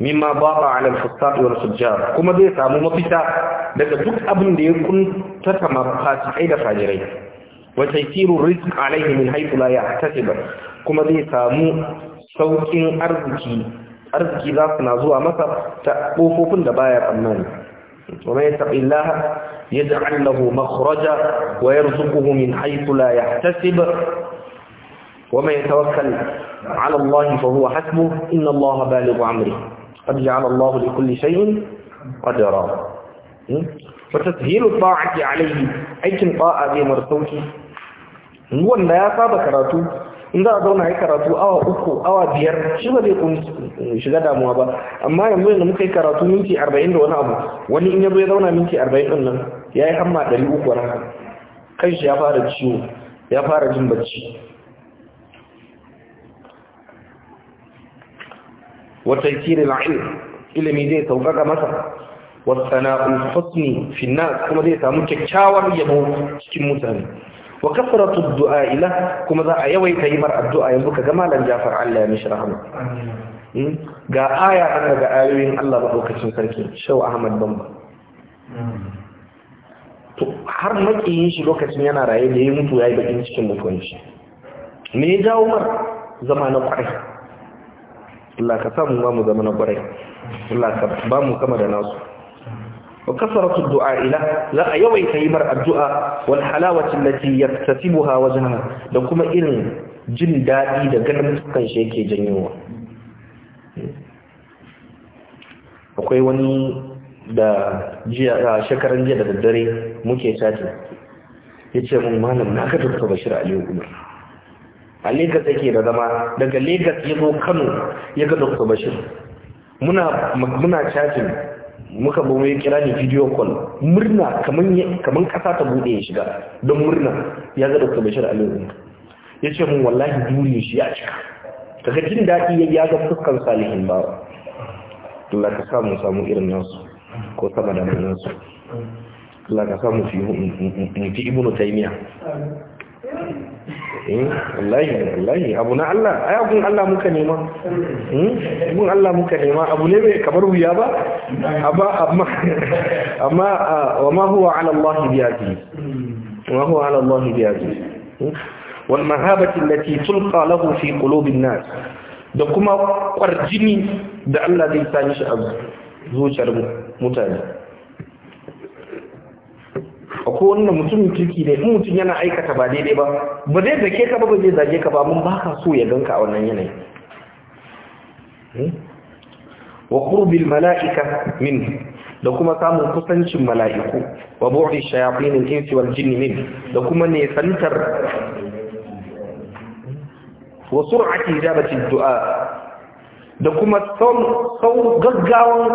Speaker 1: mimma baba ala al-fussat sujjar kuma zai samu mafita daga duk abin da ya kuntata mafasikai da fajirai wa taysiru rizq alaihi min haythu la yahtasib kuma zai samu saukin arziki arziki za su na zuwa masa ta kofofin da baya tsammani ومن يتق الله يجعل له مخرجا ويرزقه من حيث لا يحتسب ومن يتوكل على الله فهو حسبه إن الله بالغ أمره قد جعل الله لكل شيء قدرا وتسهيل الطاعة عليه أيكن طاعة ذي مرسوكي wanda ya saba karatu in za a zauna ya karatu awa uku awa biyar shi ba zai shiga damuwa ba amma yanzu yadda muka yi karatu minti arba'in da wani abu wani in yazo ya zauna minti arba'in din nan ya yi hamma ɗari uku wani kai shi ya fara ciwo ya fara jin bacci وتيسير العلم ilimi zai sauƙaƙa masa wasu sana'ul husni kuma zai samu kyakkyawar yabo cikin mutane wa kafaratu du'a ila kuma za a yawaita yi mar addu'a yanzu ka ga malam Jafar Allah ya mishi rahama ga aya an daga ayoyin Allah madaukakin sarki shaw Ahmad Bamba to har makiyin shi lokacin yana raye da ya mutu yayi bakin cikin mutunci me ya jawo mar zama na kwarai Allah ka samu ba mu zama na kwarai Allah ka ba mu kama da nasu wa kasaratu du'a ila za a yawaita yi mar addu'a wal halawati allati yaktasibuha wajha da kuma irin jin daɗi da ganin sukan shi yake janyowa akwai wani da jiya shekaran jiya da daddare muke ya yace mun malam na ka tabbata Bashir Aliyu a Legas yake da zama daga Legas ya zo Kano ya ga Dr. Bashir muna cajin muka bamu ya kira ne video call murna kaman kasa ta bude ya shiga don murna ya ga Dr. Bashir a Aliyu ya ce mun wallahi duniya shi ya cika daga jin daɗi ya ga fuskan salihin bawa Allah ka samu samu irin nasu ko sama da nasu Allah ka samu fi ibnu taymiya Eh, wallahi wallahi abu na Allah ai abun Allah muka nema hmm? abun Allah muka nema abu ne bai kamar wuya ba amma amma amma wa ma huwa ala Allah bi aziz wa huwa ala Allah bi aziz hmm? wal mahabati allati tulqa lahu fi qulubin nas da kuma kwarjini da Allah zai sani shi a zuciyar mutane ko wannan mutumin kirki ne in mutum yana aikata ba daidai ba ba zai zake ka ba ba zai zage ka ba mun baka so ya ganka a wannan yanayi hmm? wa qurbil mala'ika min da kuma samun kusancin mala'iku wa bu'di shayatin al-insi wal jinni min da kuma ne santar wa sur'ati ijabati ad-du'a da kuma sau gaggawan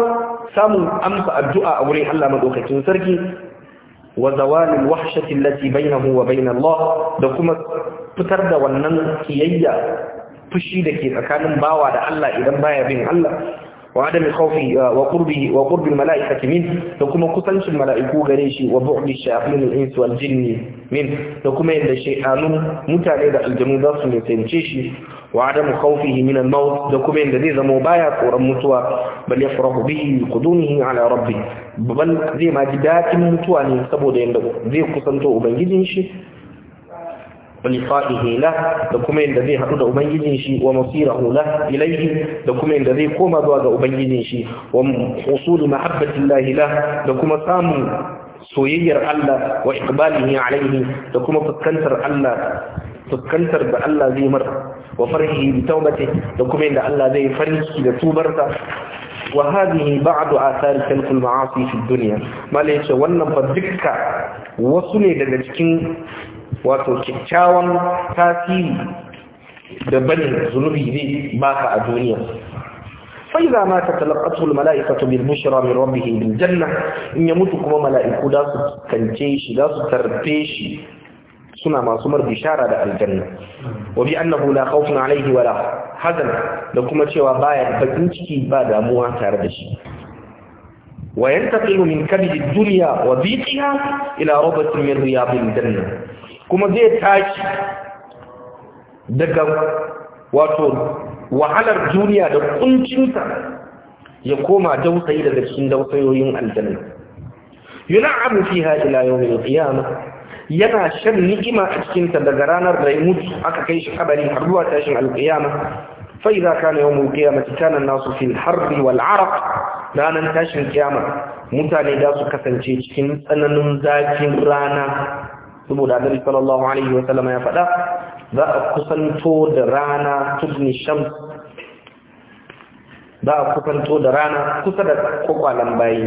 Speaker 1: samun amsa addu'a a wurin Allah madaukakin sarki wa zawalil wahshati allati bainahu wa bain da kuma fitar da wannan kiyayya fushi da ke tsakanin bawa da Allah idan baya bin Allah وعدم خوفه وقربه وقرب الملائكة منه لكم كسنش الملائكة غريش وبعد الشياطين الإنس والجن منه لكم إن الشيطان متعلق الجنود ذات يسنشيش وعدم خوفه من الموت لكم إن ذي مبايع ورمتوى بل يفرح به بقدومه على ربه بل زي ما جدات متواني سبو دين ذي كسنته أبنجدين شيء ولقائه له لكم إن ذي حدود أبنجين شي ومصيره له إليه لكم إن ذي قوم ذوق أبنجين شي وحصول محبة الله له لكم سام soyayyar Allah wa iqbalihi alaihi da kuma fuskantar Allah fuskantar da Allah zai mar wa farhi bi taubati da kuma inda Allah zai farki da tubarsa wa hadhihi ba'du athar tilk ma'asi fi dunya mala wannan dukka wasu ne daga cikin wato kyakkyawan tasiri da barin zunubi ne baka a duniya faiza ma ta talabatu malaikatu bil mushra min rabbih bil janna in ya mutu kuma malaiku da su kance shi da tarfe shi suna masu marbishara da aljanna wa bi annahu la khawfun wala hazan da kuma cewa baya bakin ciki ba damuwa tare da shi wa yantaqilu min kabid dunya wa dhiqiha ila rabbatin min riyadil janna kuma zai tashi daga wato wahalar duniya da ƙuncinta ya koma dausayi daga cikin dausayoyin aljanna yula'abu fiha ila yana shan ni'ima a cikin ta daga ranar da ya mutu aka kai shi kabari har zuwa tashin alqiyama fa idza kana yawmul qiyamati kana an-nasu fil harri wal 'araq ranar tashin kiyama mutane da su kasance cikin tsananin zafin rana saboda annabi sallallahu alaihi wa sallam ya faɗa za a kusanto da rana tubni sham za a kusanto da rana kusa da kwakwalan bayi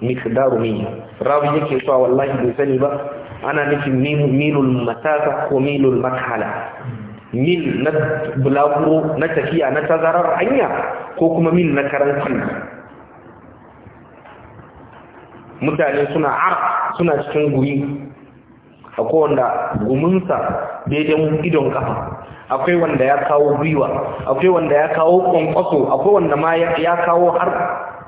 Speaker 1: miqdaru min rawi yake cewa wallahi bai sani ba ana nufin milul matasa ko milul makhala mil na bulaguro na tafiya na tazarar hanya ko kuma mil na karan mutane suna ar suna cikin guri akwai wanda gumunsa daidai idon kafa akwai wanda ya kawo gwiwa akwai wanda ya kawo kwankwaso akwai wanda ma ya kawo har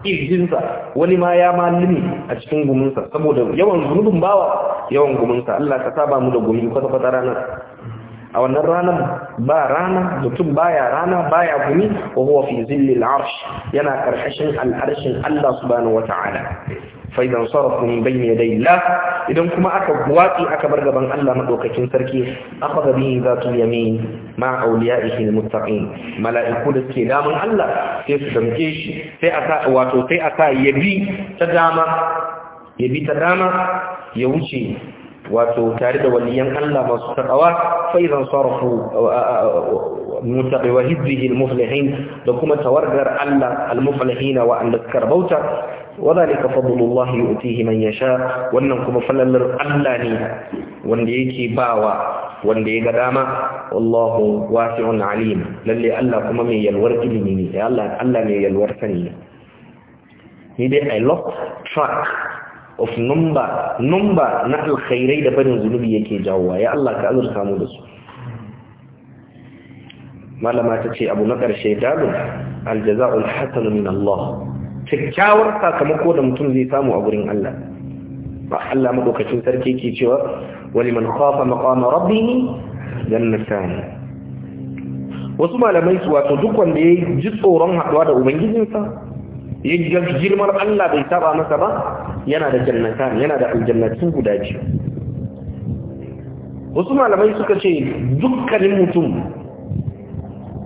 Speaker 1: kirjinsa wani ma ya malumi a cikin gumunsa saboda yawan zunubin bawa yawan gumunsa Allah ka saba mu da gumi kwata-kwata ranar a wannan ranar ba rana mutum baya rana baya gumi wa huwa fi zillil arsh yana karkashin al'arshin Allah subhanahu wata'ala fa idan sarafu min bayni yaday la idan kuma aka watsi aka bar gaban Allah madaukakin sarki akhadha bihi zatu yamin ma awliya'ihi almuttaqin mala'iku da suke damun Allah sai su damke shi sai aka wato sai aka yabi ta dama yabi ta dama ya wuce wato tare da waliyan Allah masu taqawa fa idan sarafu mutaqi wa hizbihi almuflihin da kuma tawargar Allah almuflihin wa an daskarbauta وذلك فضل الله يؤتيه من يشاء wannan kuma falalar Allah ne wanda yake bawa wanda ya ga dama allahu wasi'un alim lalle Allah kuma mai yalwar ilimi ne ya Allah Allah mai yalwar sani ne ni dai I lost track of number number na alkhairai da barin zunubi yake jawowa ya Allah ka azurta mu da su malama ta ce abu na ƙarshe dalil aljaza'ul hasan min Allah kyakkyawar sakamako da mutum zai samu a gurin Allah ba Allah madaukakin sarki ke cewa wani man khafa maqama rabbih jannatan wasu malamai su wato duk wanda ya ji tsoron haɗuwa da ubangijinsa ya girman Allah bai saba masa ba yana da jannatan yana da aljannatu guda biyu wasu malamai suka ce dukkanin mutum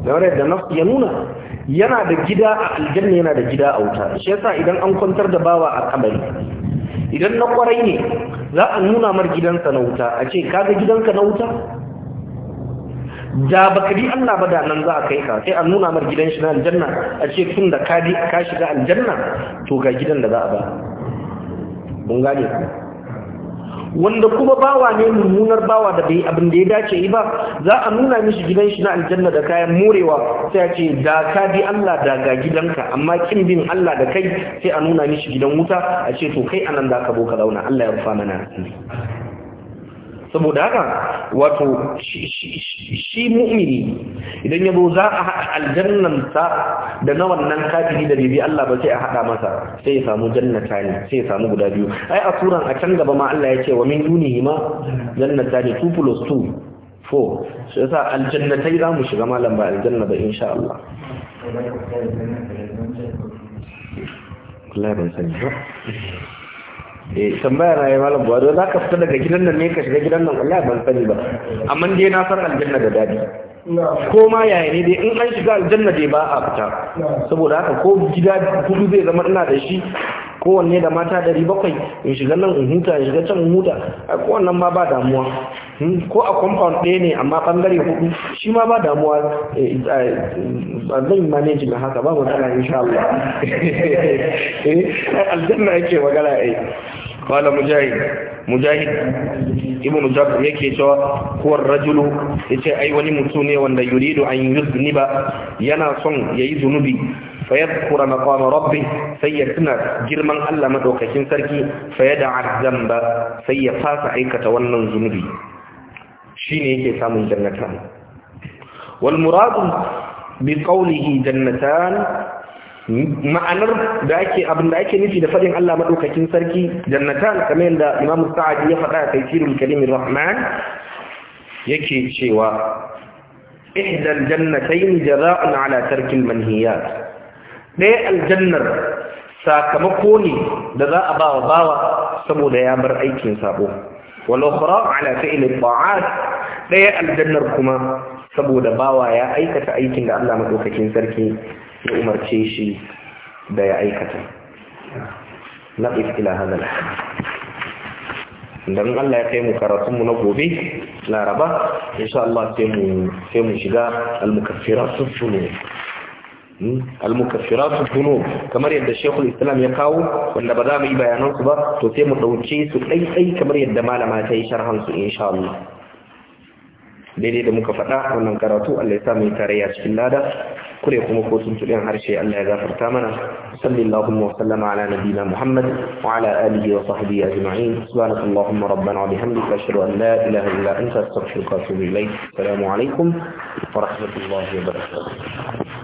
Speaker 1: da wadda da ya nuna yana da gida a aljanna yana da gida a wuta shi yasa idan an kwantar da bawa a kabari idan na kwarai ne za a nuna mar gidansa na wuta a ce ka ga gidanka na wuta da baka bi Allah ba da nan za a kai ka sai a nuna mar gidan shi na aljanna a ce tun da ka shiga aljanna to ga gidan da za a ba mun gane ku wanda kuma bawa ne mummunar bawa da bai abin da ya dace ba za a nuna mishi gidan shi na aljanna da kayan morewa sai a ce da ka bi Allah da ga gidanka amma kin bin Allah da kai sai a nuna mishi gidan wuta a ce to kai anan da ka boka ka zauna Allah ya rufa mana saboda haka wato shi mu'mini idan ya zo za a haɗa aljannansa da na wannan kafiri da bibi Allah ba sai a haɗa masa sai ya samu jannata ne sai ya samu guda biyu ai a suran a can gaba ma Allah ya ce wa min dunihi ma jannata ne 2 plus 2 4 sai sa aljannatai za mu shiga malam ba aljanna ba insha Allah Allah ban sani ba eh tambaya na yi malam buwa za ka fita daga gidan nan ne ka shiga gidan nan wallahi ban sani ba amma dai na san aljanna da dadi ko ma yayi ne dai in an shiga aljanna dai ba a fita saboda haka ko gida kudu zai zama ina da shi ko wanne da mata 700 bakwai in shiga nan in huta in shiga can in huta ko wannan ma ba damuwa hmm, ko a compound ɗaya ne amma bangare hudu shi ma ba damuwa eh, eh, zan yi manajin na haka ba matsala insha Allah eh, aljanna yake magana eh قال مجاهد مجاهد ابن جبر yake cewa huwa rajulu yace ai wani mutum ne wanda yuridu an yuzniba yana son yayi zunubi فيذكر مقام ربه سيتنا جرمان الله مدوكاكين سركي فيدع الذنب سيفاس عيكة ونن ذنبي شيني يكي سامن جنتان والمراد بقوله جنتان ma'anar da ake abin da ake nufi da fadin Allah madaukakin sarki jannatan kamar yadda Imam Sa'adi ya faɗa a Tafsirul Karimir Rahman yake cewa ihdal jannatai jazaa'un ala tarkil manhiyat dai aljannar sakamako ne da za a ba wa bawa saboda ya bar aikin sabo wal ukhra ala fi'l ta'at dai aljannar kuma saboda bawa ya aikata aikin da Allah madaukakin sarki ya umarce shi da ya aikata na ila hada da Idan dan Allah ya kai mu karatunmu na gobe laraba insha Allah sai mu shiga al sun dhunub al sun kamar yadda shekul Islam ya kawo wanda ba za mu yi bayanansu ba to sai mu dauke su ɗaiɗai kamar yadda malama ta yi sharhan su insha Allah daidai da muka faɗa wannan karatu Allah ya sa mu tarayya cikin lada kure kuma ko sun tudin harshe Allah ya gafarta mana sallallahu wa sallama ala nabiyina Muhammad wa ala alihi wa sahbihi ajma'in subhanakallahumma rabbana wa bihamdika ashhadu an la ilaha illa anta astaghfiruka wa atubu ilayk assalamu alaikum wa rahmatullahi wa barakatuh